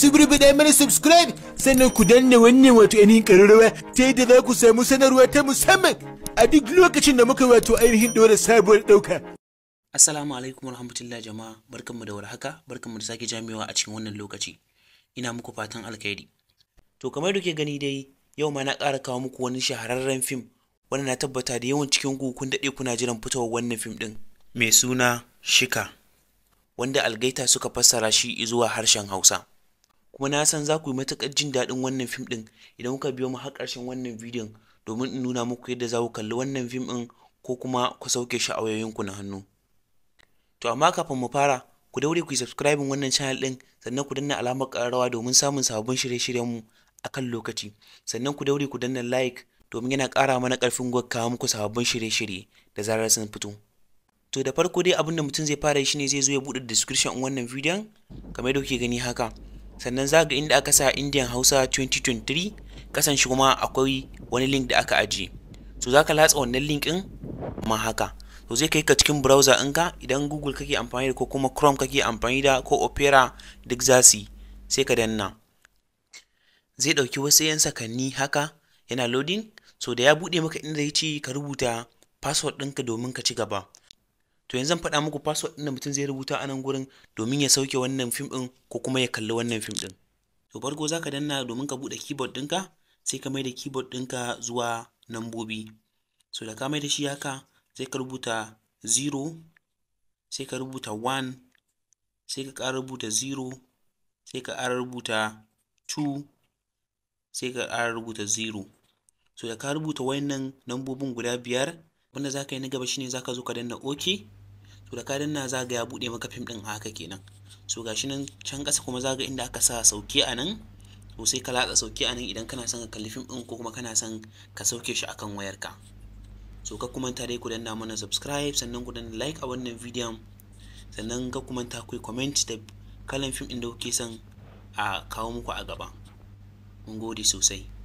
subscribe da mana subscribe sannan ku danna wannan wato ainihin ƙararrawa ta yadda za ku samu sanarwa ta musamman a duk lokacin da muka wato ainihin ɗora sabuwar ɗauka. Assalamu alaikum warahmatullahi jama'a barkanmu da warhaka barkanmu da sake jamewa a cikin wannan lokaci ina muku fatan alkhairi. To kamar da ke gani dai yau ma na ƙara kawo muku wani shahararren fim wanda na tabbata da yawan cikin ku kun daɗe kuna jiran fitowar wannan fim ɗin mai suna Shika wanda algaita suka fassara shi zuwa harshen Hausa. kuma na san za ku yi matuƙar jin daɗin wannan fim ɗin idan kuka biyo mu har ƙarshen wannan bidiyon domin in nuna muku yadda za ku kalli wannan fim ɗin ko kuma ku sauke shi a wayoyinku na hannu. To amma kafin mu fara ku daure ku yi subscribing wannan channel ɗin sannan ku danna alamar ƙararrawa domin samun sabbin shirye-shiryenmu a kan lokaci sannan ku daure ku danna like domin yana ƙara mana ƙarfin gwad kawo muku sababbin shirye-shirye da zarar sun fito. To da farko dai abin da mutum zai fara shi ne zai zo ya buɗe description ɗin wannan bidiyon kamar yadda kuke gani haka. sannan za ga inda aka sa indian hausa 2023 kasan shi kuma akwai wani link da aka aji so za ka latsa wannan link ɗin ma haka to zai kai ka cikin browser ɗinka idan google kake amfani da ko kuma chrome kake amfani da ko opera duk za su sai ka danna zai ɗauki wasu 'yan sakanni haka yana loading so da ya buɗe maka inda ya ce ka rubuta password ɗinka domin ka ci gaba to yanzu zan faɗa muku password ɗin da mutum zai rubuta a nan gurin domin ya sauke wannan fim ɗin ko kuma ya kalli wannan fim ɗin to farko za ka danna domin ka buɗe keyboard ɗinka sai ka maida keyboard ɗinka zuwa nambobi so da ka maida shi haka sai ka rubuta 0 sai ka rubuta 1 sai ka ƙara rubuta 0 sai ka ƙara rubuta 2 sai ka ƙara rubuta 0 so da ka rubuta wayannan nambobin guda biyar wanda za ka yi na gaba shine za ka zo ka danna ok to da ka danna za ga ya buɗe maka fim ɗin haka kenan so shi nan can ƙasa kuma za ga inda aka sa sauke a nan to sai ka latsa sauke a nan idan kana son ka kalli fim ɗin ko kuma kana son ka sauke shi akan wayarka so ka kumanta dai ku danna mana subscribe sannan ku danna like a wannan bidiyon sannan ka kumanta ku comment da kalan fim ɗin da kuke son a kawo muku a gaba mun gode sosai